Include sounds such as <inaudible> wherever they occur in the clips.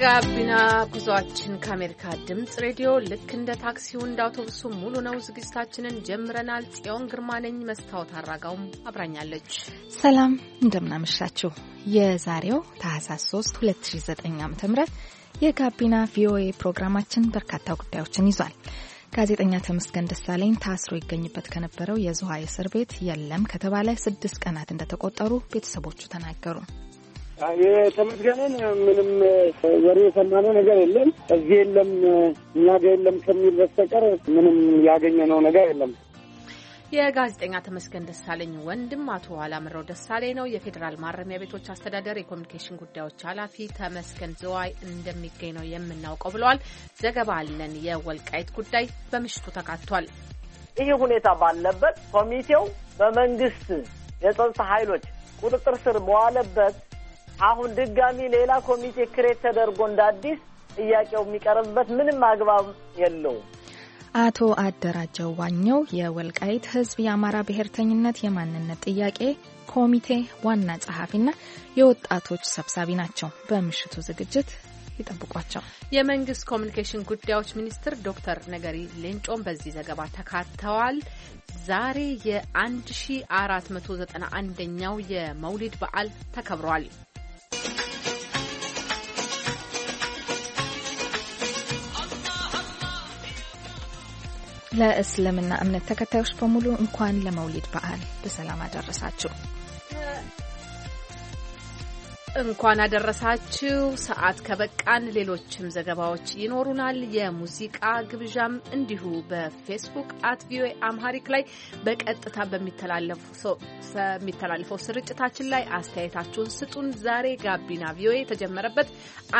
ጋቢና ጉዟችን ከአሜሪካ ድምፅ ሬዲዮ ልክ እንደ ታክሲው እንደ አውቶቡሱ ሙሉ ነው። ዝግጅታችንን ጀምረናል። ጽዮን ግርማ ነኝ። መስታወት አራጋውም አብራኛለች። ሰላም እንደምናመሻችሁ። የዛሬው ታህሳስ 3 2009 ዓ ም የጋቢና ቪኦኤ ፕሮግራማችን በርካታ ጉዳዮችን ይዟል። ጋዜጠኛ ተመስገን ደሳለኝ ታስሮ ይገኝበት ከነበረው የዙሃ እስር ቤት የለም ከተባለ ስድስት ቀናት እንደተቆጠሩ ቤተሰቦቹ ተናገሩ። የተመስገንን ምንም ወሬ የሰማነው ነገር የለም። እዚህ የለም እኛ ጋር የለም ከሚል በስተቀር ምንም ያገኘነው ነገር የለም። የጋዜጠኛ ተመስገን ደሳለኝ ወንድም አቶ አላምረው ደሳሌ ነው። የፌዴራል ማረሚያ ቤቶች አስተዳደር የኮሚኒኬሽን ጉዳዮች ኃላፊ ተመስገን ዘዋይ እንደሚገኝ ነው የምናውቀው ብለዋል። ዘገባ አለን። የወልቃይት ጉዳይ በምሽቱ ተካቷል። ይህ ሁኔታ ባለበት ኮሚቴው በመንግስት የጸጥታ ኃይሎች ቁጥጥር ስር በዋለበት አሁን ድጋሚ ሌላ ኮሚቴ ክሬት ተደርጎ እንደ አዲስ ጥያቄው የሚቀርብበት ምንም አግባብ የለውም። አቶ አደራጀው ዋኘው የወልቃይት ሕዝብ የአማራ ብሔርተኝነት የማንነት ጥያቄ ኮሚቴ ዋና ጸሐፊና የወጣቶች ሰብሳቢ ናቸው። በምሽቱ ዝግጅት ይጠብቋቸው። የመንግስት ኮሚኒኬሽን ጉዳዮች ሚኒስትር ዶክተር ነገሪ ሌንጮም በዚህ ዘገባ ተካተዋል። ዛሬ የ1491ኛው የመውሊድ በዓል ተከብሯል። ለእስልምና እምነት ተከታዮች በሙሉ እንኳን ለመውሊድ በዓል በሰላም አደረሳችሁ። እንኳን አደረሳችሁ። ሰዓት ከበቃን ሌሎችም ዘገባዎች ይኖሩናል። የሙዚቃ ግብዣም እንዲሁ በፌስቡክ አት ቪኦኤ አምሃሪክ ላይ በቀጥታ በሚተላለፈው ስርጭታችን ላይ አስተያየታችሁን ስጡን። ዛሬ ጋቢና ቪኦኤ የተጀመረበት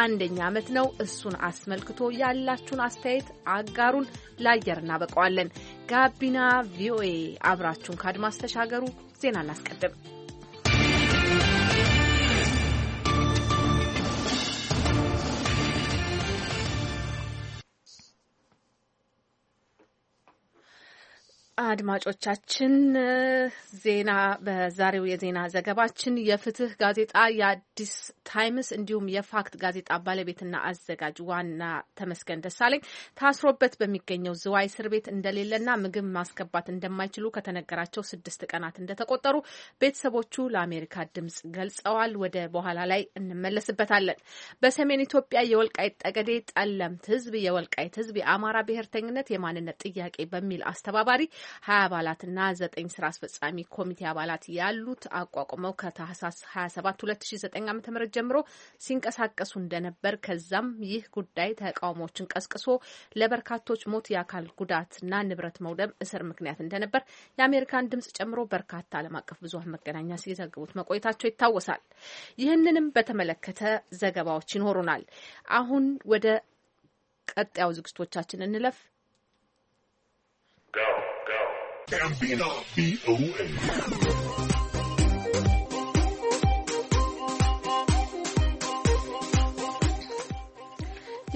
አንደኛ ዓመት ነው። እሱን አስመልክቶ ያላችሁን አስተያየት አጋሩን፣ ለአየር እናበቀዋለን። ጋቢና ቪኦኤ አብራችሁን ከአድማስ ተሻገሩ። ዜና እናስቀድም። አድማጮቻችን ዜና በዛሬው የዜና ዘገባችን የፍትህ ጋዜጣ የአዲስ ታይምስ እንዲሁም የፋክት ጋዜጣ ባለቤትና አዘጋጅ ዋና ተመስገን ደሳለኝ ታስሮበት በሚገኘው ዝዋይ እስር ቤት እንደሌለና ምግብ ማስገባት እንደማይችሉ ከተነገራቸው ስድስት ቀናት እንደተቆጠሩ ቤተሰቦቹ ለአሜሪካ ድምጽ ገልጸዋል። ወደ በኋላ ላይ እንመለስበታለን። በሰሜን ኢትዮጵያ የወልቃይት ጠገዴ ጠለምት ህዝብ የወልቃይት ህዝብ የአማራ ብሔርተኝነት የማንነት ጥያቄ በሚል አስተባባሪ ሀያ አባላትና ዘጠኝ ስራ አስፈጻሚ ኮሚቴ አባላት ያሉት አቋቁመው ከታህሳስ ሀያ ሰባት ሁለት ሺ ዘጠኝ ዓመተ ምህረት ጀምሮ ሲንቀሳቀሱ እንደነበር ከዛም ይህ ጉዳይ ተቃውሞዎችን ቀስቅሶ ለበርካቶች ሞት፣ የአካል ጉዳትና ንብረት መውደም፣ እስር ምክንያት እንደነበር የአሜሪካን ድምጽ ጨምሮ በርካታ ዓለም አቀፍ ብዙሀን መገናኛ ሲዘግቡት መቆየታቸው ይታወሳል። ይህንንም በተመለከተ ዘገባዎች ይኖሩናል። አሁን ወደ ቀጣዩ ዝግጅቶቻችን እንለፍ። ጋቢና ቪኦኤ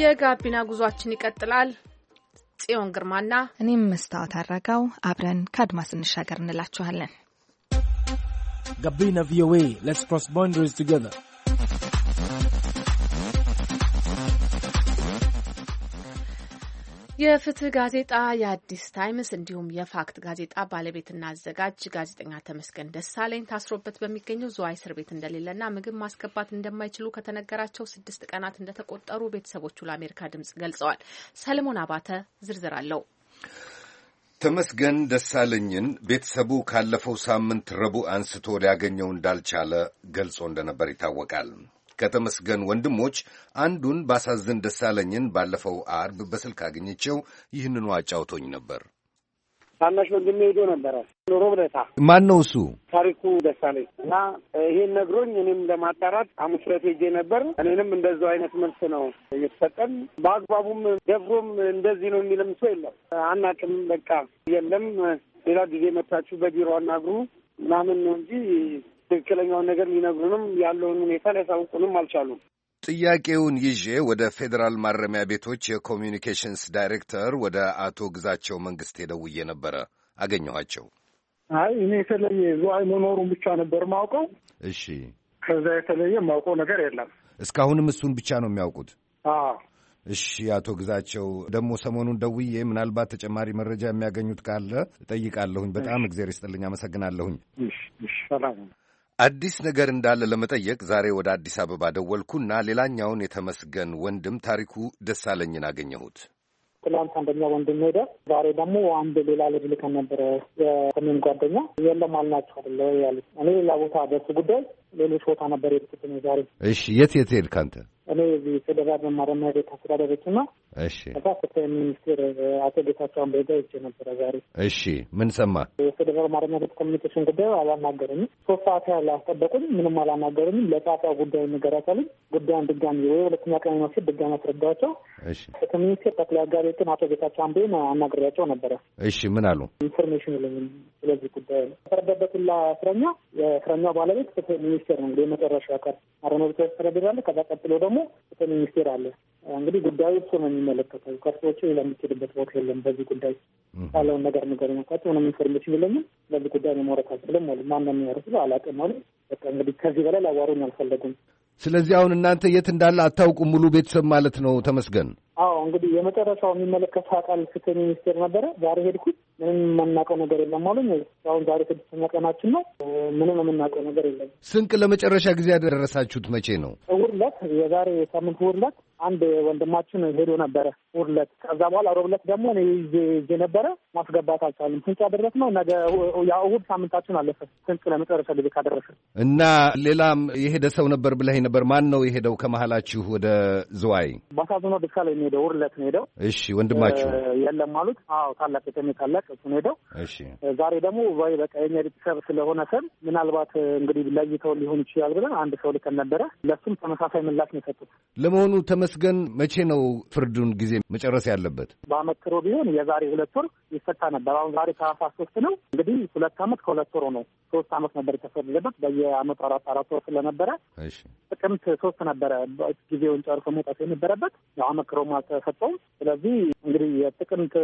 የጋቢና ጉዟችን ይቀጥላል። ጽዮን ግርማና እኔም መስታወት አረጋው አብረን ከአድማስ እንሻገር እንላችኋለን። ጋቢና ቪኦኤ ሌትስ ክሮስ ቦንደሪስ ቱጌዘር የፍትህ ጋዜጣ የአዲስ ታይምስ እንዲሁም የፋክት ጋዜጣ ባለቤትና አዘጋጅ ጋዜጠኛ ተመስገን ደሳለኝ ታስሮበት በሚገኘው ዝዋይ እስር ቤት እንደሌለና ምግብ ማስገባት እንደማይችሉ ከተነገራቸው ስድስት ቀናት እንደተቆጠሩ ቤተሰቦቹ ለአሜሪካ ድምጽ ገልጸዋል። ሰለሞን አባተ ዝርዝር አለው። ተመስገን ደሳለኝን ቤተሰቡ ካለፈው ሳምንት ረቡዕ አንስቶ ሊያገኘው እንዳልቻለ ገልጾ እንደነበር ይታወቃል። ከተመስገን ወንድሞች አንዱን ባሳዝን ደሳለኝን ባለፈው አርብ በስልክ አግኝቼው ይህንኑ አጫውቶኝ ነበር። ታናሽ ወንድሜ ሄዶ ነበረ ኖሮ ብለታ ማን ነው እሱ? ታሪኩ ደሳለኝ እና ይሄን ነግሮኝ እኔም ለማጣራት ሐሙስ ዕለት ሄጄ ነበር። እኔንም እንደዛው አይነት መልስ ነው እየተሰጠን። በአግባቡም ደፍሮም እንደዚህ ነው የሚልም ሰው የለም። አናቅም፣ በቃ የለም ሌላ ጊዜ መታችሁ በቢሮ አናግሩ ምናምን ነው እንጂ ትክክለኛውን ነገር ሊነግሩንም ያለውን ሁኔታ ሊያሳውቁንም አልቻሉም። ጥያቄውን ይዤ ወደ ፌዴራል ማረሚያ ቤቶች የኮሚኒኬሽንስ ዳይሬክተር ወደ አቶ ግዛቸው መንግስት ደውዬ ነበረ። አገኘኋቸው። አይ እኔ የተለየ ዝዋይ መኖሩን ብቻ ነበር ማውቀው። እሺ፣ ከዛ የተለየ ማውቀው ነገር የለም። እስካሁንም እሱን ብቻ ነው የሚያውቁት። እሺ፣ አቶ ግዛቸው ደግሞ ሰሞኑን ደውዬ ምናልባት ተጨማሪ መረጃ የሚያገኙት ካለ ጠይቃለሁኝ በጣም እግዜር ይስጥልኝ። አመሰግናለሁኝ። ሰላም አዲስ ነገር እንዳለ ለመጠየቅ ዛሬ ወደ አዲስ አበባ ደወልኩና ሌላኛውን የተመስገን ወንድም ታሪኩ ደሳለኝን አገኘሁት። ትላንት አንደኛ ወንድም ሄደ። ዛሬ ደግሞ አንድ ሌላ ልጅ ልከን ነበረ። የሰሜን ጓደኛ የለም አልናቸው ያሉት። እኔ ሌላ ቦታ በሱ ጉዳይ ሌሎች ቦታ ነበር የሄድኩት ዛሬ። እሺ፣ የት የት ሄድክ አንተ? እኔ እዚህ ፌደራል መማሪያ ቤት አስተዳደሮች ና እሺ፣ እዛ ፍትህ ሚኒስቴር አቶ ጌታቸው አምቤጋ ይቼ ነበረ ዛሬ። እሺ፣ ምን ሰማ? የፌደራል ማረሚያ ቤት ኮሚኒኬሽን ጉዳዩ አላናገረኝም። ሶስት ሰዓት ያህል አስጠበቁኝ። ምንም አላናገረኝም። ለጻፋ ጉዳይ ነገር ጉዳዩን ድጋሚ ወይ ሁለተኛ ቀን መስል ድጋሚ አስረዳቸው። እሺ፣ ፍትህ ሚኒስቴር ጠቅላይ አጋሪ ግን አቶ ጌታቸው አምቤን አናግሬያቸው ነበረ። እሺ፣ ምን አሉ? ኢንፎርሜሽን የለኝም ስለዚህ ጉዳይ ነው። የተረዳበት ሁላ እስረኛ የእስረኛው ባለቤት ፍትህ ሚኒስ ሚኒስቴር ነው እንግዲህ የመጨረሻ ቀር አሮኖ ተስተዳደር አለ። ከዛ ቀጥሎ ደግሞ ፍትህ ሚኒስቴር አለ። እንግዲህ ጉዳዩ እሱ ነው የሚመለከተው። ከሱ ውጭ ለሚሄድበት ቦታ የለም። በዚህ ጉዳይ ያለውን ነገር ነገር መቃጭ ምንም ኢንፎርሜሽን የለኝም። በዚህ ጉዳይ መውረት አልችልም ማለት ማን ነው የሚያደርስ አላውቅም ማለት በቃ እንግዲህ ከዚህ በላይ ላዋሩኝ አልፈለጉም። ስለዚህ አሁን እናንተ የት እንዳለ አታውቁም፣ ሙሉ ቤተሰብ ማለት ነው። ተመስገን። አዎ እንግዲህ የመጨረሻው የሚመለከት አካል ፍትህ ሚኒስቴር ነበረ። ዛሬ ሄድኩት ምንም የማናውቀው ነገር የለም አሉኝ። አሁን ዛሬ ስድስተኛ ቀናችን ነው። ምንም የምናውቀው ነገር የለም። ስንቅ ለመጨረሻ ጊዜ ያደረሳችሁት መቼ ነው? እሑድ ዕለት የዛሬ ሳምንት እሑድ ዕለት አንድ ወንድማችን ሄዶ ነበረ እሑድ ዕለት። ከዛ በኋላ ሮብ ዕለት ደግሞ እኔ ይዤ ነበረ ማስገባት አልቻልም። ስንቅ ያደረስ ነው ነገ እሑድ ሳምንታችን አለፈ። ስንቅ ለመጨረሻ ጊዜ ካደረሰ እና ሌላም የሄደ ሰው ነበር ብለህ ነበር። ማን ነው የሄደው ከመሀላችሁ ወደ ዝዋይ? ባሳዝኖ ድካ ላይ ሄደው እሑድ ዕለት ሄደው። እሺ ወንድማችሁ የለም አሉት። አዎ ታላቅ የተሜ ታላቅ ቤተሰቦቻቸው ሄደው ዛሬ ደግሞ ወይ በቃ የኛ ቤተሰብ ስለሆነ ሰን ምናልባት እንግዲህ ለይተው ሊሆን ይችላል ብለን አንድ ሰው ልከን ነበረ። ለሱም ተመሳሳይ ምላሽ ነው የሰጡት። ለመሆኑ ተመስገን መቼ ነው ፍርዱን ጊዜ መጨረስ ያለበት? በአመክሮ ቢሆን የዛሬ ሁለት ወር ይፈታ ነበር። አሁን ዛሬ ታህሳስ ሶስት ነው እንግዲህ ሁለት አመት ከሁለት ወር ነው። ሶስት አመት ነበር የተፈረደበት በየአመቱ አራት አራት ወር ስለነበረ ጥቅምት ሶስት ነበረ ጊዜውን ጨርሶ መውጣት የነበረበት። አመክሮም አልተሰጠውም። ስለዚህ እንግዲህ የጥቅምት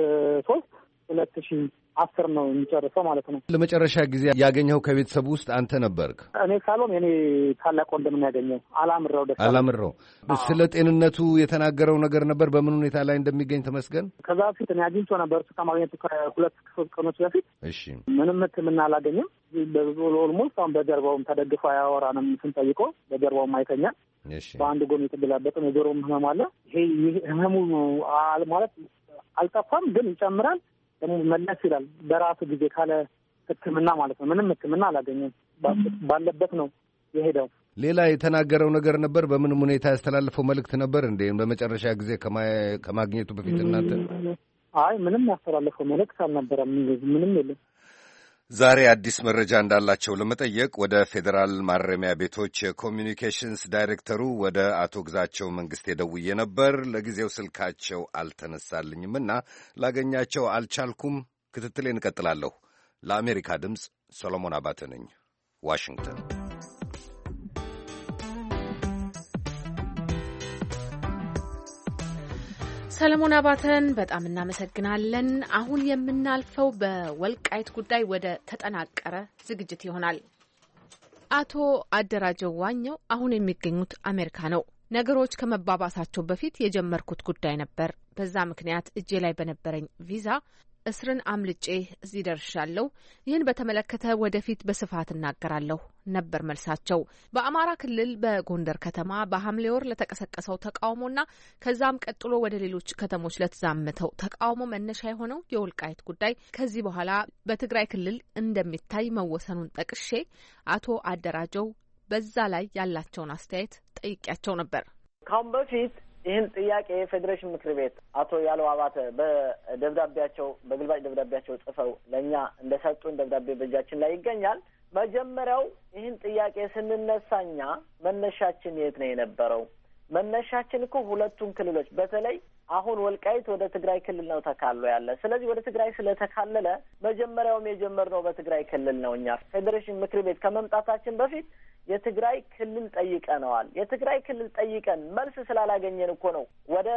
ሶስት ሁለት ሺ አስር ነው የሚጨርሰው ማለት ነው። ለመጨረሻ ጊዜ ያገኘው ከቤተሰብ ውስጥ አንተ ነበርክ? እኔ ሳሎም የኔ ታላቅ ወንድምን ያገኘው አላምረው ደስ አላምረው። ስለ ጤንነቱ የተናገረው ነገር ነበር? በምን ሁኔታ ላይ እንደሚገኝ ተመስገን? ከዛ በፊት እኔ አግኝቶ ነበር እሱ ከማግኘቱ ከሁለት ሶስት ቀኖች በፊት። እሺ ምንም ሕክምና አላገኘም። ኦልሞስት አሁን በጀርባውም ተደግፎ አያወራንም ስንጠይቆ በጀርባውም አይተኛል። በአንድ ጎን የተገላበጠም የጆሮም ህመም አለ። ይሄ ህመሙ ማለት አልጠፋም፣ ግን ይጨምራል መለስ ይላል በራሱ ጊዜ ካለ ህክምና ማለት ነው። ምንም ህክምና አላገኘም። ባለበት ነው የሄደው። ሌላ የተናገረው ነገር ነበር። በምንም ሁኔታ ያስተላልፈው መልእክት ነበር እንዴ? በመጨረሻ ጊዜ ከማግኘቱ በፊት እናንተ? አይ ምንም ያስተላለፈው መልእክት አልነበረም። ምንም የለም። ዛሬ አዲስ መረጃ እንዳላቸው ለመጠየቅ ወደ ፌዴራል ማረሚያ ቤቶች የኮሚኒኬሽንስ ዳይሬክተሩ ወደ አቶ ግዛቸው መንግስቴ ደውዬ ነበር። ለጊዜው ስልካቸው አልተነሳልኝምና ላገኛቸው አልቻልኩም። ክትትሌ እንቀጥላለሁ። ለአሜሪካ ድምፅ ሰሎሞን አባተ ነኝ፣ ዋሽንግተን ሰለሞን አባተን በጣም እናመሰግናለን። አሁን የምናልፈው በወልቃይት ጉዳይ ወደ ተጠናቀረ ዝግጅት ይሆናል። አቶ አደራጀው ዋኘው አሁን የሚገኙት አሜሪካ ነው። ነገሮች ከመባባሳቸው በፊት የጀመርኩት ጉዳይ ነበር። በዛ ምክንያት እጄ ላይ በነበረኝ ቪዛ እስርን አምልጬ እዚህ ደርሻለሁ። ይህን በተመለከተ ወደፊት በስፋት እናገራለሁ ነበር መልሳቸው። በአማራ ክልል በጎንደር ከተማ በሐምሌ ወር ለተቀሰቀሰው ተቃውሞና ከዛም ቀጥሎ ወደ ሌሎች ከተሞች ለተዛመተው ተቃውሞ መነሻ የሆነው የወልቃይት ጉዳይ ከዚህ በኋላ በትግራይ ክልል እንደሚታይ መወሰኑን ጠቅሼ አቶ አደራጀው በዛ ላይ ያላቸውን አስተያየት ጠይቂያቸው ነበር። ካሁን በፊት ይህን ጥያቄ የፌዴሬሽን ምክር ቤት አቶ ያለው አባተ በደብዳቤያቸው በግልባጭ ደብዳቤያቸው ጽፈው ለእኛ እንደሰጡን ደብዳቤ በእጃችን ላይ ይገኛል። መጀመሪያው ይህን ጥያቄ ስንነሳ እኛ መነሻችን የት ነው የነበረው? መነሻችን እኮ ሁለቱን ክልሎች በተለይ አሁን ወልቃይት ወደ ትግራይ ክልል ነው ተካሎ ያለ። ስለዚህ ወደ ትግራይ ስለተካለለ መጀመሪያውም የጀመርነው በትግራይ ክልል ነው። እኛ ፌዴሬሽን ምክር ቤት ከመምጣታችን በፊት የትግራይ ክልል ጠይቀነዋል። የትግራይ ክልል ጠይቀን መልስ ስላላገኘን እኮ ነው ወደ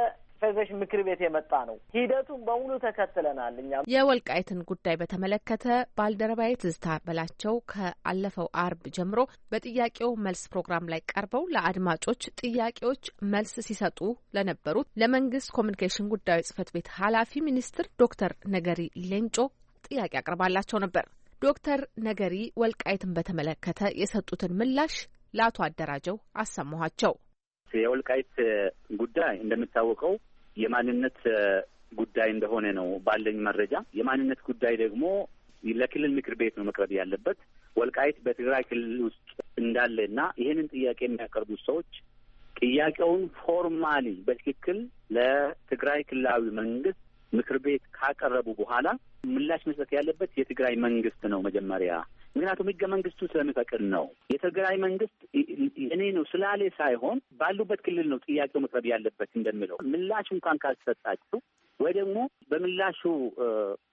ፌዴሬሽን ምክር ቤት የመጣ ነው። ሂደቱን በሙሉ ተከትለናል። እኛ የወልቃይትን ጉዳይ በተመለከተ ባልደረባዬ ትዝታ በላቸው ከአለፈው አርብ ጀምሮ በጥያቄው መልስ ፕሮግራም ላይ ቀርበው ለአድማጮች ጥያቄዎች መልስ ሲሰጡ ለነበሩት ለመንግስት ኮሚኒኬሽን ጉዳዮች ጽህፈት ቤት ኃላፊ ሚኒስትር ዶክተር ነገሪ ሌንጮ ጥያቄ አቅርባላቸው ነበር። ዶክተር ነገሪ ወልቃይትን በተመለከተ የሰጡትን ምላሽ ለአቶ አደራጀው አሰማኋቸው። የወልቃይት ጉዳይ እንደሚታወቀው የማንነት ጉዳይ እንደሆነ ነው ባለኝ መረጃ። የማንነት ጉዳይ ደግሞ ለክልል ምክር ቤት ነው መቅረብ ያለበት። ወልቃይት በትግራይ ክልል ውስጥ እንዳለ እና ይህንን ጥያቄ የሚያቀርቡ ሰዎች ጥያቄውን ፎርማሊ በትክክል ለትግራይ ክልላዊ መንግስት ምክር ቤት ካቀረቡ በኋላ ምላሽ መስጠት ያለበት የትግራይ መንግስት ነው መጀመሪያ። ምክንያቱም ህገ መንግስቱ ስለሚፈቅድ ነው። የትግራይ መንግስት እኔ ነው ስላሌ ሳይሆን ባሉበት ክልል ነው ጥያቄው መቅረብ ያለበት እንደሚለው ምላሽ እንኳን ካልተሰጣችሁ ወይ ደግሞ በምላሹ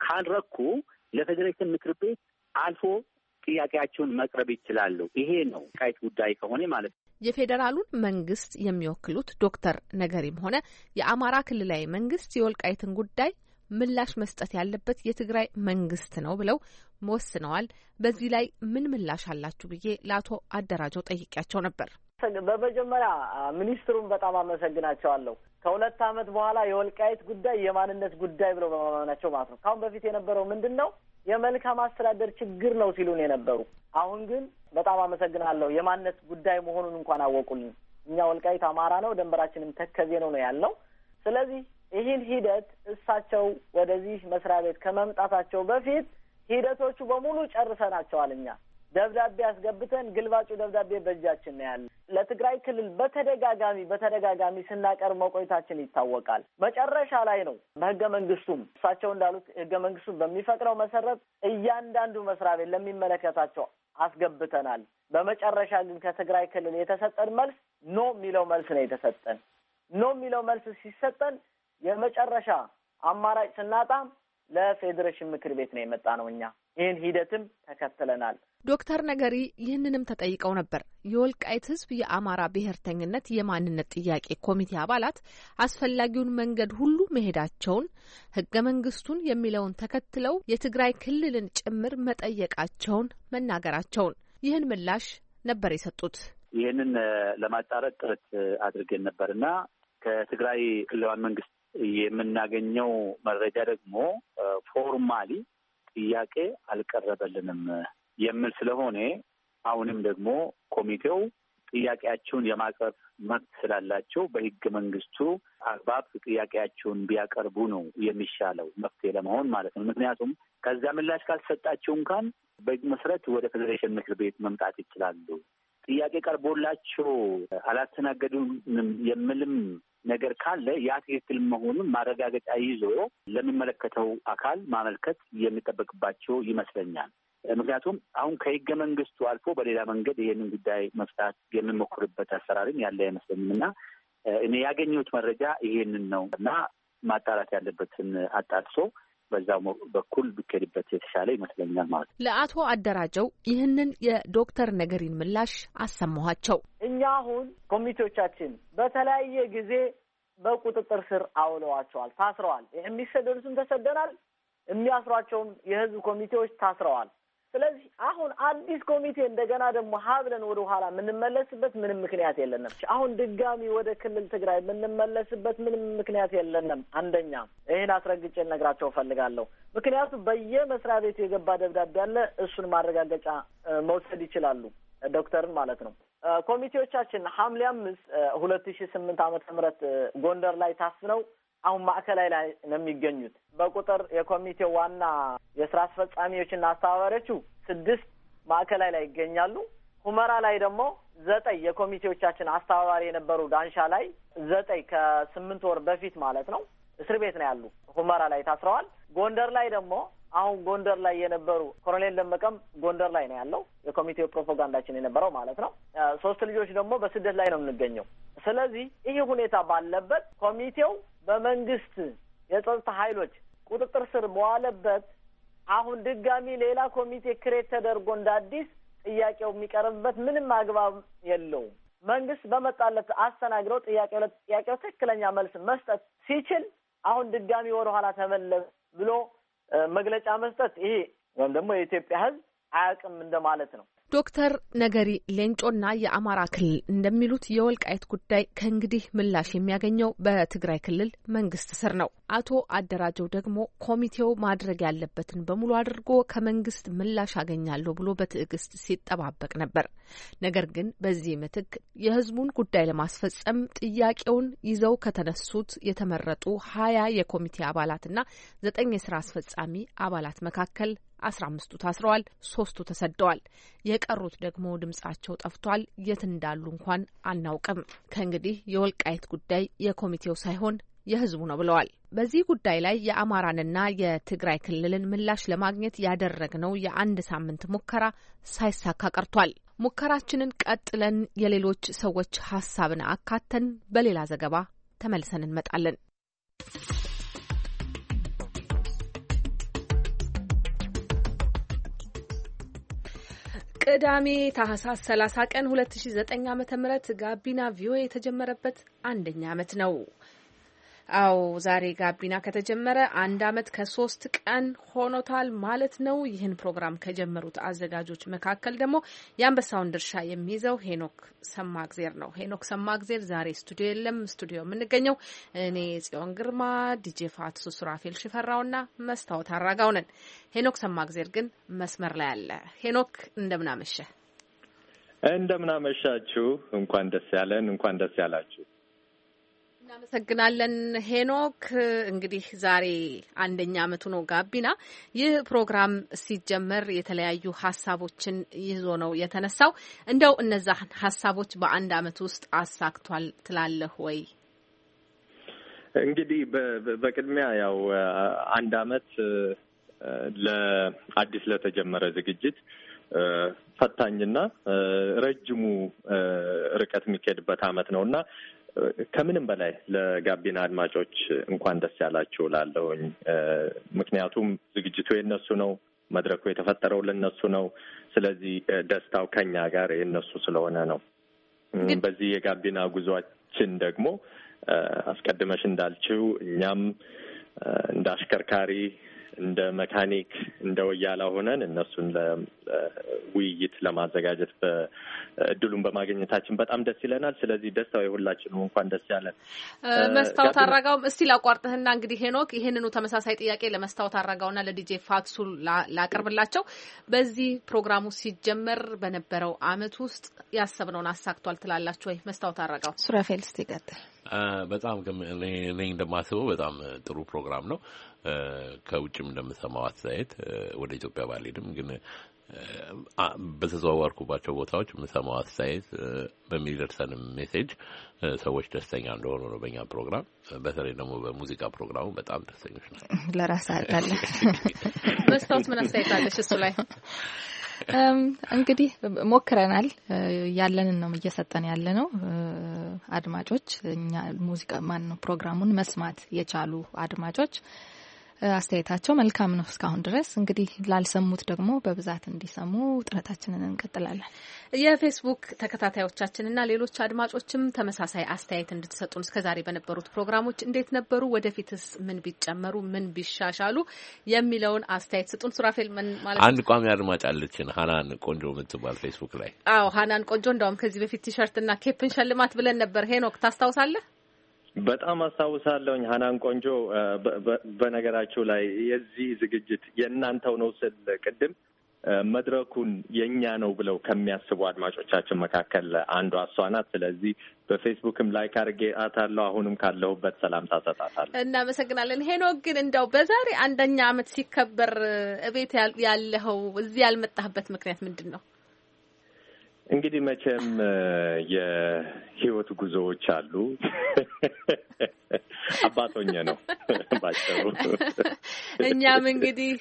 ካልረኩ ለፌዴሬሽን ምክር ቤት አልፎ ጥያቄያቸውን መቅረብ ይችላሉ። ይሄ ነው ቃይት ጉዳይ ከሆነ ማለት ነው። የፌዴራሉን መንግስት የሚወክሉት ዶክተር ነገሪም ሆነ የአማራ ክልላዊ መንግስት የወልቃይትን ጉዳይ ምላሽ መስጠት ያለበት የትግራይ መንግስት ነው ብለው ወስነዋል። በዚህ ላይ ምን ምላሽ አላችሁ ብዬ ለአቶ አደራጀው ጠይቄያቸው ነበር። በመጀመሪያ ሚኒስትሩን በጣም አመሰግናቸዋለሁ። ከሁለት ዓመት በኋላ የወልቃይት ጉዳይ የማንነት ጉዳይ ብለው በማመናቸው ማለት ነው። ካሁን በፊት የነበረው ምንድን ነው የመልካም አስተዳደር ችግር ነው ሲሉን የነበሩ አሁን ግን በጣም አመሰግናለሁ። የማንነት ጉዳይ መሆኑን እንኳን አወቁልን። እኛ ወልቃይት አማራ ነው፣ ደንበራችንም ተከዜ ነው ነው ያለው። ስለዚህ ይህን ሂደት እሳቸው ወደዚህ መስሪያ ቤት ከመምጣታቸው በፊት ሂደቶቹ በሙሉ ጨርሰናቸዋል። እኛ ደብዳቤ አስገብተን ግልባጩ ደብዳቤ በእጃችን ነው ያለ። ለትግራይ ክልል በተደጋጋሚ በተደጋጋሚ ስናቀርብ መቆየታችን ይታወቃል። መጨረሻ ላይ ነው በህገ መንግስቱም እሳቸው እንዳሉት ህገ መንግስቱም በሚፈቅደው መሰረት እያንዳንዱ መስሪያ ቤት ለሚመለከታቸው አስገብተናል። በመጨረሻ ግን ከትግራይ ክልል የተሰጠን መልስ ኖ የሚለው መልስ ነው የተሰጠን። ኖ የሚለው መልስ ሲሰጠን የመጨረሻ አማራጭ ስናጣም ለፌዴሬሽን ምክር ቤት ነው የመጣ ነው። እኛ ይህን ሂደትም ተከትለናል። ዶክተር ነገሪ ይህንንም ተጠይቀው ነበር። የወልቃይት ህዝብ የአማራ ብሔርተኝነት የማንነት ጥያቄ ኮሚቴ አባላት አስፈላጊውን መንገድ ሁሉ መሄዳቸውን፣ ህገ መንግስቱን የሚለውን ተከትለው የትግራይ ክልልን ጭምር መጠየቃቸውን መናገራቸውን ይህን ምላሽ ነበር የሰጡት። ይህንን ለማጣረቅ ጥረት አድርገን ነበር እና ከትግራይ ክልላዊ መንግስት የምናገኘው መረጃ ደግሞ ፎርማሊ ጥያቄ አልቀረበልንም የሚል ስለሆነ አሁንም ደግሞ ኮሚቴው ጥያቄያቸውን የማቅረብ መብት ስላላቸው በህገ መንግስቱ አግባብ ጥያቄያቸውን ቢያቀርቡ ነው የሚሻለው መፍትሄ ለመሆን ማለት ነው። ምክንያቱም ከዛ ምላሽ ካልሰጣቸው እንኳን በህግ መሰረት ወደ ፌዴሬሽን ምክር ቤት መምጣት ይችላሉ። ጥያቄ ቀርቦላቸው አላስተናገዱንም የምልም ነገር ካለ ያ ትክክል መሆኑን ማረጋገጫ ይዞ ለሚመለከተው አካል ማመልከት የሚጠበቅባቸው ይመስለኛል። ምክንያቱም አሁን ከህገ መንግስቱ አልፎ በሌላ መንገድ ይህንን ጉዳይ መፍታት የምንሞክርበት አሰራርም ያለ አይመስለኝም እና እኔ ያገኘሁት መረጃ ይሄንን ነው እና ማጣራት ያለበትን አጣርሶ በዛው በኩል ቢኬድበት የተሻለ ይመስለኛል ማለት ነው። ለአቶ አደራጀው ይህንን የዶክተር ነገሪን ምላሽ አሰማኋቸው። እኛ አሁን ኮሚቴዎቻችን በተለያየ ጊዜ በቁጥጥር ስር አውለዋቸዋል፣ ታስረዋል። የሚሰደዱትም ተሰደናል፣ የሚያስሯቸውም የህዝብ ኮሚቴዎች ታስረዋል። ስለዚህ አሁን አዲስ ኮሚቴ እንደገና ደግሞ ሀብለን ወደ ኋላ የምንመለስበት ምንም ምክንያት የለንም። አሁን ድጋሚ ወደ ክልል ትግራይ የምንመለስበት ምንም ምክንያት የለንም። አንደኛ ይህን አስረግጬ ነግራቸው እፈልጋለሁ። ምክንያቱም በየመስሪያ ቤቱ የገባ ደብዳቤ አለ። እሱን ማረጋገጫ መውሰድ ይችላሉ፣ ዶክተርን ማለት ነው። ኮሚቴዎቻችን ሐምሌ አምስት ሁለት ሺ ስምንት ዓመተ ምህረት ጎንደር ላይ ታፍነው አሁን ማዕከላዊ ላይ ነው የሚገኙት። በቁጥር የኮሚቴው ዋና የስራ አስፈጻሚዎችና አስተባባሪዎቹ ስድስት ማዕከላዊ ላይ ይገኛሉ። ሁመራ ላይ ደግሞ ዘጠኝ የኮሚቴዎቻችን አስተባባሪ የነበሩ ዳንሻ ላይ ዘጠኝ ከስምንት ወር በፊት ማለት ነው እስር ቤት ነው ያሉ፣ ሁመራ ላይ ታስረዋል። ጎንደር ላይ ደግሞ አሁን ጎንደር ላይ የነበሩ ኮሎኔል ደመቀም ጎንደር ላይ ነው ያለው የኮሚቴው ፕሮፓጋንዳችን የነበረው ማለት ነው። ሶስት ልጆች ደግሞ በስደት ላይ ነው የምንገኘው። ስለዚህ ይህ ሁኔታ ባለበት ኮሚቴው በመንግስት የጸጥታ ኃይሎች ቁጥጥር ስር በዋለበት አሁን ድጋሚ ሌላ ኮሚቴ ክሬት ተደርጎ እንደ አዲስ ጥያቄው የሚቀርብበት ምንም አግባብ የለውም። መንግስት በመጣለት አስተናግረው ጥያቄ ጥያቄው ትክክለኛ መልስ መስጠት ሲችል አሁን ድጋሚ ወደ ኋላ ተመለስ ብሎ መግለጫ መስጠት ይሄ ወይም ደግሞ የኢትዮጵያ ሕዝብ አያውቅም እንደማለት ነው። ዶክተር ነገሪ ሌንጮና የአማራ ክልል እንደሚሉት የወልቃይት ጉዳይ ከእንግዲህ ምላሽ የሚያገኘው በትግራይ ክልል መንግስት ስር ነው። አቶ አደራጀው ደግሞ ኮሚቴው ማድረግ ያለበትን በሙሉ አድርጎ ከመንግስት ምላሽ አገኛለሁ ብሎ በትዕግስት ሲጠባበቅ ነበር። ነገር ግን በዚህ ምትክ የህዝቡን ጉዳይ ለማስፈጸም ጥያቄውን ይዘው ከተነሱት የተመረጡ ሀያ የኮሚቴ አባላትና ዘጠኝ የስራ አስፈጻሚ አባላት መካከል አስራ አምስቱ ታስረዋል፣ ሶስቱ ተሰደዋል። የቀሩት ደግሞ ድምጻቸው ጠፍቷል። የት እንዳሉ እንኳን አናውቅም። ከእንግዲህ የወልቃይት ጉዳይ የኮሚቴው ሳይሆን የህዝቡ ነው ብለዋል። በዚህ ጉዳይ ላይ የአማራንና የትግራይ ክልልን ምላሽ ለማግኘት ያደረግነው የአንድ ሳምንት ሙከራ ሳይሳካ ቀርቷል። ሙከራችንን ቀጥለን የሌሎች ሰዎች ሀሳብን አካተን በሌላ ዘገባ ተመልሰን እንመጣለን። ቅዳሜ ታህሳስ 30 ቀን 2009 ዓ ም ጋቢና ቪኦኤ የተጀመረበት አንደኛ ዓመት ነው። አዎ ዛሬ ጋቢና ከተጀመረ አንድ አመት ከሶስት ቀን ሆኖታል ማለት ነው። ይህን ፕሮግራም ከጀመሩት አዘጋጆች መካከል ደግሞ የአንበሳውን ድርሻ የሚይዘው ሄኖክ ሰማግዜር ነው። ሄኖክ ሰማግዜር ዛሬ ስቱዲዮ የለም። ስቱዲዮ የምንገኘው እኔ ጽዮን ግርማ፣ ዲጄ ፋትሱ ሱራፌል ሽፈራውና መስታወት አራጋው ነን። ሄኖክ ሰማግዜር ግን መስመር ላይ አለ። ሄኖክ እንደምናመሸ እንደምናመሻችሁ። እንኳን ደስ ያለን፣ እንኳን ደስ ያላችሁ። እናመሰግናለን ሄኖክ። እንግዲህ ዛሬ አንደኛ አመቱ ነው ጋቢና። ይህ ፕሮግራም ሲጀመር የተለያዩ ሀሳቦችን ይዞ ነው የተነሳው። እንደው እነዛ ሀሳቦች በአንድ አመት ውስጥ አሳክቷል ትላለህ ወይ? እንግዲህ በቅድሚያ ያው አንድ አመት ለአዲስ ለተጀመረ ዝግጅት ፈታኝና ረጅሙ ርቀት የሚካሄድበት አመት ነው እና ከምንም በላይ ለጋቢና አድማጮች እንኳን ደስ ያላችሁ ላለሁኝ። ምክንያቱም ዝግጅቱ የነሱ ነው፣ መድረኩ የተፈጠረው ለነሱ ነው። ስለዚህ ደስታው ከኛ ጋር የነሱ ስለሆነ ነው። በዚህ የጋቢና ጉዟችን ደግሞ አስቀድመሽ እንዳልችው እኛም እንደ አሽከርካሪ እንደ መካኒክ እንደ ወያላ ሆነን እነሱን ለውይይት ለማዘጋጀት እድሉን በማግኘታችን በጣም ደስ ይለናል። ስለዚህ ደስታው የሁላችንም እንኳን ደስ ያለን። መስታወት አረጋውም እስቲ ላቋርጥህና እንግዲህ ሄኖክ ይህንኑ ተመሳሳይ ጥያቄ ለመስታወት አራጋውና ለዲጄ ፋክሱ ላቅርብላቸው። በዚህ ፕሮግራሙ ሲጀመር በነበረው አመት ውስጥ ያሰብነውን አሳክቷል ትላላችሁ ወይ? መስታወት አረጋው ሱራፌል ስቲ ቀጥል። በጣም እኔ እንደማስበው በጣም ጥሩ ፕሮግራም ነው። ከውጭም እንደምሰማው አስተያየት ወደ ኢትዮጵያ ባልሄድም ግን በተዘዋወርኩባቸው ቦታዎች የምሰማው አስተያየት በሚደርሰን ሜሴጅ ሰዎች ደስተኛ እንደሆኑ ነው በእኛ ፕሮግራም፣ በተለይ ደግሞ በሙዚቃ ፕሮግራሙ በጣም ደስተኞች ነው። ለራስ አዳለ መስታወት ምን አስተያየት አለሽ እሱ ላይ? እንግዲህ ሞክረናል። ያለንን ነው እየሰጠን ያለ ነው። አድማጮች እኛ ሙዚቃ ማን ነው ፕሮግራሙን መስማት የቻሉ አድማጮች አስተያየታቸው መልካም ነው። እስካሁን ድረስ እንግዲህ ላልሰሙት ደግሞ በብዛት እንዲሰሙ ጥረታችንን እንቀጥላለን። የፌስቡክ ተከታታዮቻችንና ሌሎች አድማጮችም ተመሳሳይ አስተያየት እንድትሰጡን እስከዛሬ በነበሩት ፕሮግራሞች እንዴት ነበሩ፣ ወደፊትስ ምን ቢጨመሩ፣ ምን ቢሻሻሉ የሚለውን አስተያየት ስጡን። ሱራፌል ምን ማለት አንድ ቋሚ አድማጭ አለችን ሀናን ቆንጆ የምትባል ፌስቡክ ላይ። አዎ ሀናን ቆንጆ፣ እንዳውም ከዚህ በፊት ቲሸርትና ኬፕን ሸልማት ብለን ነበር። ሄኖክ ታስታውሳለህ? በጣም አስታውሳለሁኝ። ሀናን ቆንጆ፣ በነገራችሁ ላይ የዚህ ዝግጅት የእናንተው ነው ስል ቅድም መድረኩን የእኛ ነው ብለው ከሚያስቡ አድማጮቻችን መካከል አንዷ እሷ ናት። ስለዚህ በፌስቡክም ላይክ አድርጌያታለሁ። አሁንም ካለሁበት ሰላምታ ሰጣታለሁ። እናመሰግናለን። ሄኖክ ግን እንደው በዛሬ አንደኛ ዓመት ሲከበር እቤት ያለኸው እዚህ ያልመጣህበት ምክንያት ምንድን ነው? እንግዲህ መቼም የህይወት ጉዞዎች አሉ። አባቶኛ ነው <laughs> ባጭሩ። <laughs> እኛም እንግዲህ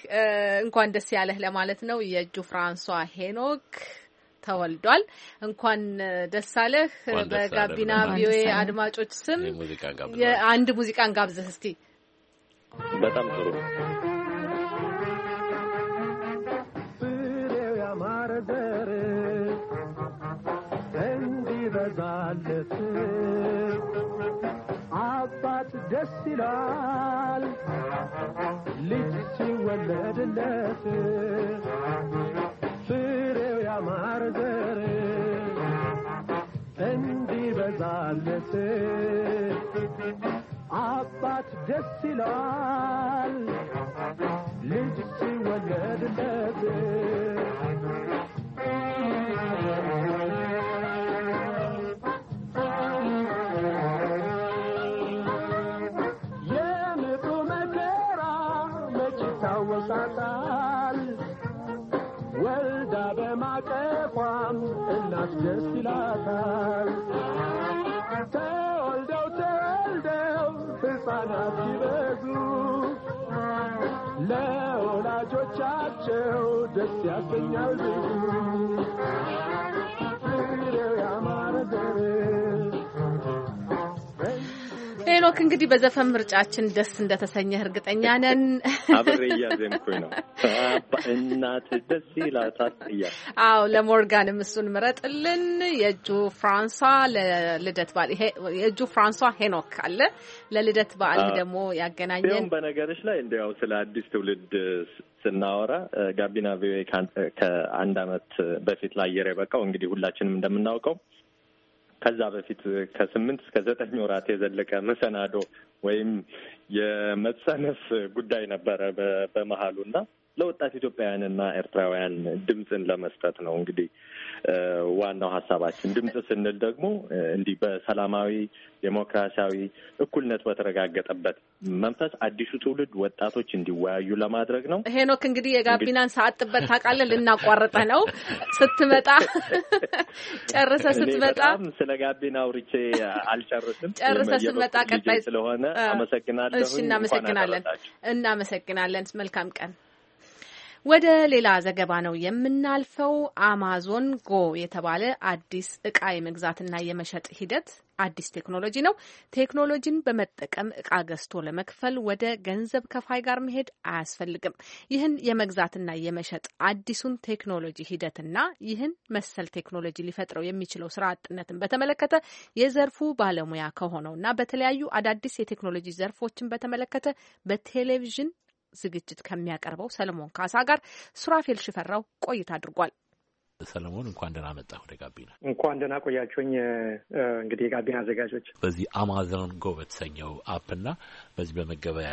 እንኳን ደስ ያለህ ለማለት ነው። የእጁ ፍራንሷ ሄኖክ ተወልዷል። እንኳን ደስ አለህ። በጋቢና ቪኦኤ አድማጮች ስም አንድ ሙዚቃን ጋብዘህ እስቲ። በጣም ጥሩ ፍሬው ያማረ ዘር እንዲበዛለት ደስ ይላል ልጅ ሲወለድለት ፍሬው ያማረ ዘር እንዲበዛለት አባት ደስ ይላል ልጅ ሲወለድለት ያሳሳል። ወልዳ በማቀፏም እናት ደስ ይላታል። ተወልደው ተወልደው ሕፃናት ሲበዙ ለወላጆቻቸው ደስ ያሰኛል ብዙ ሄኖክ እንግዲህ በዘፈን ምርጫችን ደስ እንደተሰኘ እርግጠኛ ነን። <laughs> አብሬ እያዘንኩኝ ነው። እናት ደስ ይላታል። አዎ ለሞርጋን እሱን ምረጥልን። የእጁ ፍራንሷ ለልደት በዓል የእጁ ፍራንሷ ሄኖክ አለ ለልደት በዓል ደግሞ ያገናኘን። በነገሮች ላይ እንዲያው ስለ አዲስ ትውልድ ስናወራ ጋቢና ቪኦኤ ከአንድ አመት በፊት ለአየር የበቃው እንግዲህ ሁላችንም እንደምናውቀው ከዛ በፊት ከስምንት እስከ ዘጠኝ ወራት የዘለቀ መሰናዶ ወይም የመጸነስ ጉዳይ ነበረ በመሀሉ እና ለወጣት ኢትዮጵያውያንና ኤርትራውያን ድምፅን ለመስጠት ነው። እንግዲህ ዋናው ሀሳባችን ድምፅ ስንል ደግሞ እንዲህ በሰላማዊ ዴሞክራሲያዊ እኩልነት በተረጋገጠበት መንፈስ አዲሱ ትውልድ ወጣቶች እንዲወያዩ ለማድረግ ነው። ሄኖክ እንግዲህ የጋቢናን ሰአጥበት ታውቃለህ፣ ልናቋርጠ ነው። ስትመጣ <laughs> ጨርሰ ስትመጣ ስለ ጋቢና አውርቼ አልጨርስም። ጨርሰ ስትመጣ ቀጣይ ስለሆነ አመሰግናለሁ። እናመሰግናለን። እናመሰግናለን። መልካም ቀን ወደ ሌላ ዘገባ ነው የምናልፈው። አማዞን ጎ የተባለ አዲስ እቃ የመግዛትና የመሸጥ ሂደት አዲስ ቴክኖሎጂ ነው። ቴክኖሎጂን በመጠቀም እቃ ገዝቶ ለመክፈል ወደ ገንዘብ ከፋይ ጋር መሄድ አያስፈልግም። ይህን የመግዛትና የመሸጥ አዲሱን ቴክኖሎጂ ሂደትና ይህን መሰል ቴክኖሎጂ ሊፈጥረው የሚችለው ስራ አጥነትን በተመለከተ የዘርፉ ባለሙያ ከሆነውና በተለያዩ አዳዲስ የቴክኖሎጂ ዘርፎችን በተመለከተ በቴሌቪዥን ዝግጅት ከሚያቀርበው ሰለሞን ካሳ ጋር ሱራፌል ሽፈራው ቆይታ አድርጓል። ሰለሞን እንኳን ደህና መጣህ ወደ ጋቢና። እንኳን ደህና ቆያችሁኝ። እንግዲህ የጋቢና አዘጋጆች በዚህ አማዞን ጎ በተሰኘው አፕ እና በዚህ በመገበያ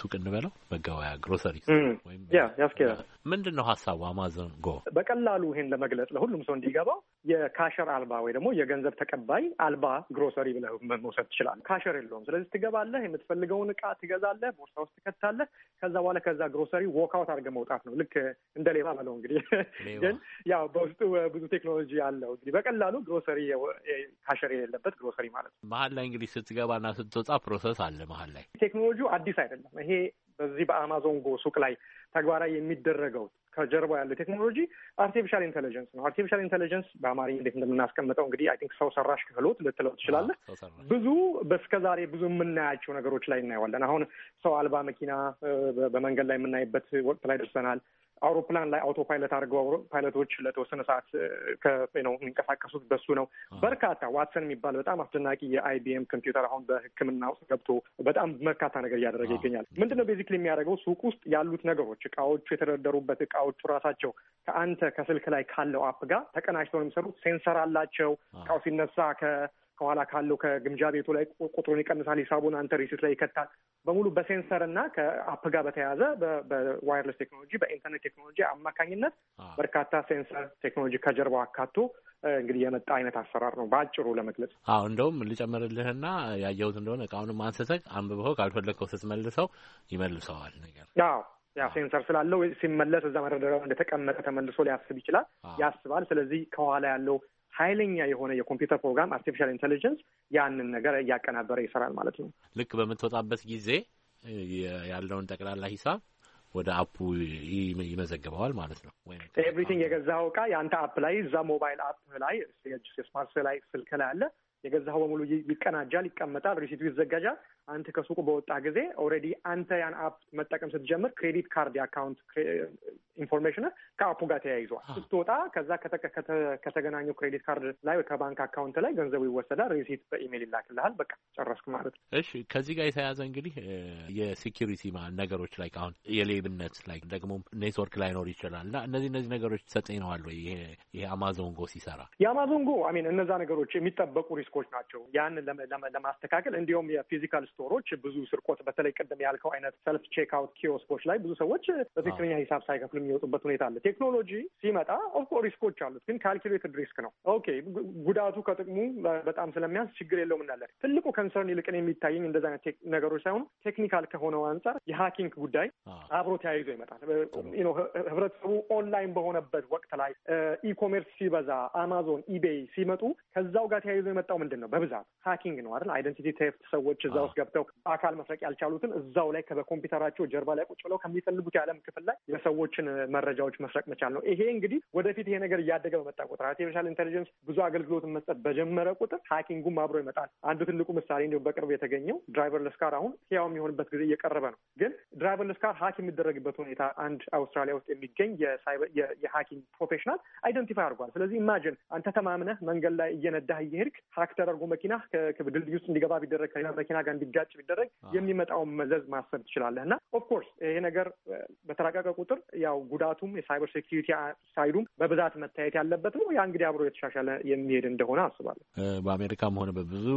ሱቅ እንበለው መገበያ ግሮሰሪ ያስኬዳል። ምንድን ነው ሀሳቡ አማዞን ጎ? በቀላሉ ይሄን ለመግለጽ ለሁሉም ሰው እንዲገባው የካሸር አልባ ወይ ደግሞ የገንዘብ ተቀባይ አልባ ግሮሰሪ ብለህ መውሰድ ትችላለህ። ካሸር የለውም። ስለዚህ ትገባለህ፣ የምትፈልገውን እቃ ትገዛለህ፣ ቦርሳ ውስጥ ትከታለህ። ከዛ በኋላ ከዛ ግሮሰሪ ዎክ አውት አድርገህ መውጣት ነው። ልክ እንደ ሌባ በለው እንግዲህ ግን ያው በውስጡ ብዙ ቴክኖሎጂ አለው። እንግዲህ በቀላሉ ግሮሰሪ ካሸር የሌለበት ግሮሰሪ ማለት ነው። መሀል ላይ እንግዲህ ስትገባና ስትወጣ ፕሮሰስ አለ መሀል ላይ። ቴክኖሎጂው አዲስ አይደለም። ይሄ በዚህ በአማዞን ጎ ሱቅ ላይ ተግባራዊ የሚደረገው ከጀርባ ያለው ቴክኖሎጂ አርቲፊሻል ኢንቴሊጀንስ ነው። አርቲፊሻል ኢንቴሊጀንስ በአማርኛ እንዴት እንደምናስቀምጠው እንግዲህ አይ ቲንክ ሰው ሰራሽ ክህሎት ልትለው ትችላለህ። ብዙ በስከዛሬ ብዙ የምናያቸው ነገሮች ላይ እናየዋለን። አሁን ሰው አልባ መኪና በመንገድ ላይ የምናይበት ወቅት ላይ ደርሰናል። አውሮፕላን ላይ አውቶ ፓይለት አድርገው ፓይለቶች ለተወሰነ ሰዓት ነው የሚንቀሳቀሱት በሱ ነው። በርካታ ዋትሰን የሚባል በጣም አስደናቂ የአይቢኤም ኮምፒውተር አሁን በሕክምና ውስጥ ገብቶ በጣም በርካታ ነገር እያደረገ ይገኛል። ምንድነው ቤዚክሊ የሚያደርገው ሱቅ ውስጥ ያሉት ነገሮች እቃዎቹ የተደረደሩበት እቃዎቹ ራሳቸው ከአንተ ከስልክ ላይ ካለው አፕ ጋር ተቀናጅተው የሚሰሩት። ሴንሰር አላቸው። እቃው ሲነሳ ከ ከኋላ ካለው ከግምጃ ቤቱ ላይ ቁጥሩን ይቀንሳል፣ ሂሳቡን አንተ ሪሲት ላይ ይከታል። በሙሉ በሴንሰር እና ከአፕ ጋር በተያያዘ በዋይርለስ ቴክኖሎጂ በኢንተርኔት ቴክኖሎጂ አማካኝነት በርካታ ሴንሰር ቴክኖሎጂ ከጀርባው አካቶ እንግዲህ የመጣ አይነት አሰራር ነው በአጭሩ ለመግለጽ። አዎ እንደውም ልጨምርልህና ያየሁት እንደሆነ እቃውንም አንስተህ አንብበው ካልፈለግከው ስትመልሰው ይመልሰዋል ነገር አዎ ያ ሴንሰር ስላለው ሲመለስ እዛ መረደሪያው እንደተቀመጠ ተመልሶ ሊያስብ ይችላል፣ ያስባል። ስለዚህ ከኋላ ያለው ኃይለኛ የሆነ የኮምፒውተር ፕሮግራም አርቲፊሻል ኢንቴሊጀንስ ያንን ነገር እያቀናበረ ይሰራል ማለት ነው። ልክ በምትወጣበት ጊዜ ያለውን ጠቅላላ ሂሳብ ወደ አፑ ይመዘግበዋል ማለት ነው። ኤቭሪቲንግ የገዛኸው እቃ የአንተ አፕ ላይ እዛ ሞባይል አፕ ላይ ስማርት ላይ ስልክ ላይ አለ የገዛኸው በሙሉ ይቀናጃል፣ ይቀመጣል፣ ሪሲቱ ይዘጋጃል። አንተ ከሱቁ በወጣ ጊዜ ኦልሬዲ አንተ ያን አፕ መጠቀም ስትጀምር ክሬዲት ካርድ የአካውንት ኢንፎርሜሽን ከአፑ ጋር ተያይዟል። ስትወጣ ከዛ ከተገናኘው ክሬዲት ካርድ ላይ ከባንክ አካውንት ላይ ገንዘቡ ይወሰዳል። ሪሲት በኢሜል ይላክልሃል። በቃ ጨረስክ ማለት ነው። እሺ፣ ከዚህ ጋር የተያያዘ እንግዲህ የሴኪሪቲ ነገሮች ላይ አሁን የሌብነት ላይ ደግሞ ኔትወርክ ላይኖር ይችላል እና እነዚህ እነዚህ ነገሮች ተጽዕነዋል ወይ? ይሄ አማዞን ጎ ሲሰራ የአማዞን ጎ አይ እነዛ ነገሮች የሚጠበቁ ሪስኮች ናቸው። ያን ለማስተካከል እንዲሁም የፊዚካል ስቶሮች ብዙ ስርቆት፣ በተለይ ቅድም ያልከው አይነት ሰልፍ ቼክአውት ኪዮስኮች ላይ ብዙ ሰዎች በትክክለኛ ሂሳብ ሳይከፍሉ የሚወጡበት ሁኔታ አለ። ቴክኖሎጂ ሲመጣ ኦፍኮርስ ሪስኮች አሉት፣ ግን ካልኩሌትድ ሪስክ ነው። ኦኬ ጉዳቱ ከጥቅሙ በጣም ስለሚያንስ ችግር የለውም እናለን። ትልቁ ከንሰርን ይልቅን የሚታየኝ እንደዚ አይነት ነገሮች ሳይሆኑ ቴክኒካል ከሆነው አንጻር የሀኪንግ ጉዳይ አብሮ ተያይዞ ይመጣል። ህብረተሰቡ ኦንላይን በሆነበት ወቅት ላይ ኢኮሜርስ ሲበዛ አማዞን፣ ኢቤይ ሲመጡ ከዛው ጋር ተያይዞ የመጣው ምንድን ነው? በብዛት ሀኪንግ ነው አይደል? አይደንቲቲ ቴፍት ሰዎች እዛ ውስጥ ገብተው አካል መስረቅ ያልቻሉትን እዛው ላይ በኮምፒውተራቸው ጀርባ ላይ ቁጭ ብለው ከሚፈልጉት የዓለም ክፍል ላይ የሰዎችን መረጃዎች መስረቅ መቻል ነው። ይሄ እንግዲህ ወደፊት ይሄ ነገር እያደገ በመጣ ቁጥር አርቲፊሻል ኢንቴሊጀንስ ብዙ አገልግሎትን መስጠት በጀመረ ቁጥር ሀኪንጉም አብሮ ይመጣል። አንዱ ትልቁ ምሳሌ እንዲሁም በቅርብ የተገኘው ድራይቨርለስ ካር አሁን ህያው የሚሆንበት ጊዜ እየቀረበ ነው። ግን ድራይቨርለስ ካር ሀክ የሚደረግበት ሁኔታ አንድ አውስትራሊያ ውስጥ የሚገኝ የሀኪንግ ፕሮፌሽናል አይደንቲፋይ አድርጓል። ስለዚህ ኢማጅን አንተ ተማምነህ መንገድ ላይ እየነዳህ እየሄድክ ሀክ ተደርጎ መኪና ድልድይ ውስጥ እንዲገባ ቢደረግ ከሌላ መኪና ጋር እንዲጋጭ ቢደረግ የሚመጣውን መዘዝ ማሰብ ትችላለህ። እና ኦፍኮርስ ይሄ ነገር በተራቀቀ ቁጥር ያው ጉዳቱም የሳይበር ሴኪሪቲ ሳይዱም በብዛት መታየት ያለበት ነው። ያ እንግዲህ አብሮ የተሻሻለ የሚሄድ እንደሆነ አስባለሁ። በአሜሪካም ሆነ በብዙ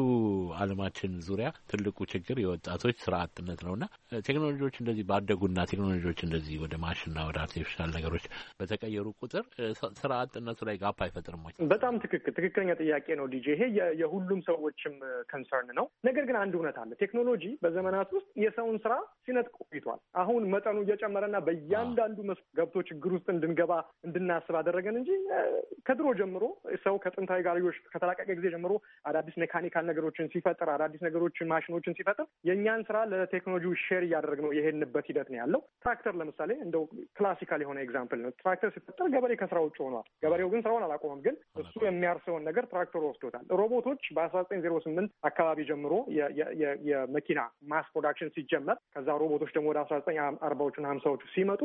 አለማችን ዙሪያ ትልቁ ችግር የወጣቶች ስራ አጥነት ነው እና ቴክኖሎጂዎች እንደዚህ ባደጉና ቴክኖሎጂዎች እንደዚህ ወደ ማሽንና ወደ አርቲፊሻል ነገሮች በተቀየሩ ቁጥር ስራ አጥነቱ ላይ ጋፕ አይፈጥርም በጣም ትክክል ትክክለኛ ጥያቄ ነው ዲጄ። ይሄ የሁሉም ሰዎችም ከንሰርን ነው። ነገር ግን አንድ እውነት አለ። ቴክኖሎጂ በዘመናት ውስጥ የሰውን ስራ ሲነጥቅ ቆይቷል። አሁን መጠኑ እየጨመረና በእያንዳንዱ መስኩ ገብቶ ችግር ውስጥ እንድንገባ እንድናስብ አደረገን እንጂ ከድሮ ጀምሮ ሰው ከጥንታዊ ጋሪዎች ከተላቀቀ ጊዜ ጀምሮ አዳዲስ ሜካኒካል ነገሮችን ሲፈጥር፣ አዳዲስ ነገሮችን ማሽኖችን ሲፈጥር የእኛን ስራ ለቴክኖሎጂው ሼር እያደረግነው የሄድንበት ሂደት ነው ያለው። ትራክተር ለምሳሌ እንደው ክላሲካል የሆነ ኤግዛምፕል ነው። ትራክተር ሲፈጠር ገበሬ ከስራ ውጭ ሆኗል። ገበሬው ግን ስራውን አላቆመም። ግን እሱ የሚያርሰውን ነገር ትራክተሩ ወስዶታል። ሮቦቶች በአስራ ዘጠኝ ዜሮ ስምንት አካባቢ ጀምሮ የመኪና ማስ ፕሮዳክሽን ሲጀመር ከዛ ሮቦቶች ደግሞ ወደ አስራ ዘጠኝ አርባዎቹን ሀምሳዎቹ ሲመጡ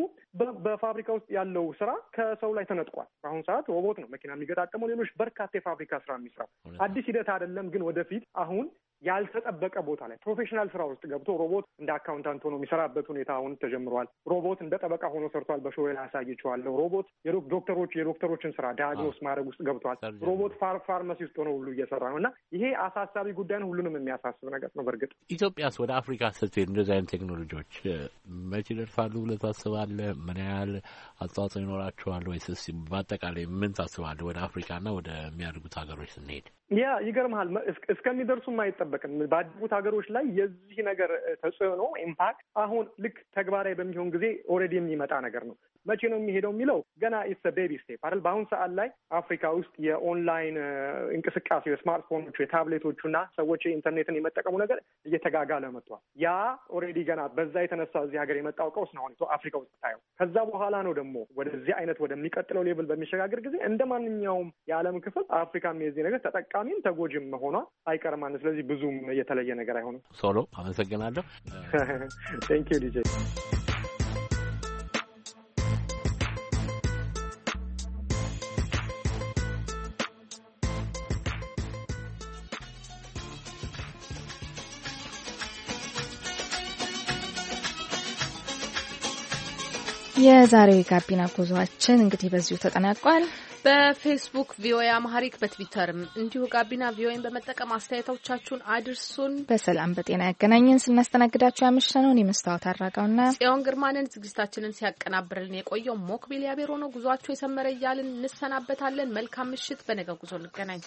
በፋብሪካ ውስጥ ያለው ስራ ከሰው ላይ ተነጥቋል። በአሁኑ ሰዓት ሮቦት ነው መኪና የሚገጣጠመው፣ ሌሎች በርካታ የፋብሪካ ስራ የሚሰራው አዲስ ሂደት አይደለም። ግን ወደፊት አሁን ያልተጠበቀ ቦታ ላይ ፕሮፌሽናል ስራ ውስጥ ገብቶ ሮቦት እንደ አካውንታንት ሆኖ የሚሰራበት ሁኔታ አሁን ተጀምሯል። ሮቦት እንደ ጠበቃ ሆኖ ሰርቷል። በሾ ላይ አሳይቼዋለሁ። ሮቦት ዶክተሮች የዶክተሮችን ስራ ዳያግኖስ ማድረግ ውስጥ ገብቷል። ሮቦት ፋርማሲ ውስጥ ሆኖ ሁሉ እየሰራ ነው እና ይሄ አሳሳቢ ጉዳይ ነው። ሁሉንም የሚያሳስብ ነገር ነው። በእርግጥ ኢትዮጵያስ ወደ አፍሪካ ስትሄድ እንደዚህ አይነት ቴክኖሎጂዎች መቼ ይደርሳሉ ብለህ ታስባለህ? ምን ያህል አስተዋጽኦ ይኖራቸዋል? ወይስ በአጠቃላይ ምን ታስባለህ? ወደ አፍሪካና ወደሚያድጉት ሀገሮች ስንሄድ ያ ይገርመሃል እስከሚደርሱ ማይጠበቅ አይጠበቅም። ባደጉት ሀገሮች ላይ የዚህ ነገር ተጽዕኖ ኢምፓክት አሁን ልክ ተግባራዊ በሚሆን ጊዜ ኦልሬዲ የሚመጣ ነገር ነው። መቼ ነው የሚሄደው የሚለው ገና ኢትስ ቤቢ ስቴፕ አይደል። በአሁን ሰዓት ላይ አፍሪካ ውስጥ የኦንላይን እንቅስቃሴ የስማርትፎኖቹ፣ የታብሌቶቹ እና ሰዎች ኢንተርኔትን የመጠቀሙ ነገር እየተጋጋለ መጥቷል። ያ ኦልሬዲ ገና በዛ የተነሳ እዚህ ሀገር የመጣው ቀውስ ነው አሁን አፍሪካ ውስጥ ታየው። ከዛ በኋላ ነው ደግሞ ወደዚህ አይነት ወደሚቀጥለው ሌቭል በሚሸጋገር ጊዜ እንደ ማንኛውም የዓለም ክፍል አፍሪካም የዚህ ነገር ተጠቃሚም ተጎጂም መሆኗ አይቀርማን። ስለዚህ ብዙም የተለየ ነገር አይሆንም። ሶሎ አመሰግናለሁ። ቴንኪው <laughs> ዲጄ የዛሬ ጋቢና ጉዟችን እንግዲህ በዚሁ ተጠናቋል። በፌስቡክ ቪኦኤ አማሪክ በትዊተርም እንዲሁ ጋቢና ቪኦኤን በመጠቀም አስተያየቶቻችሁን አድርሱን። በሰላም በጤና ያገናኘን። ስናስተናግዳችሁ ያመሸነውን የመስታወት አድራጋውና ጽዮን ግርማንን ዝግጅታችንን ሲያቀናብርልን የቆየው ሞክቢል ያቤሮ ነው። ጉዟችሁ የሰመረ እያልን እንሰናበታለን። መልካም ምሽት። በነገ ጉዞ እንገናኝ።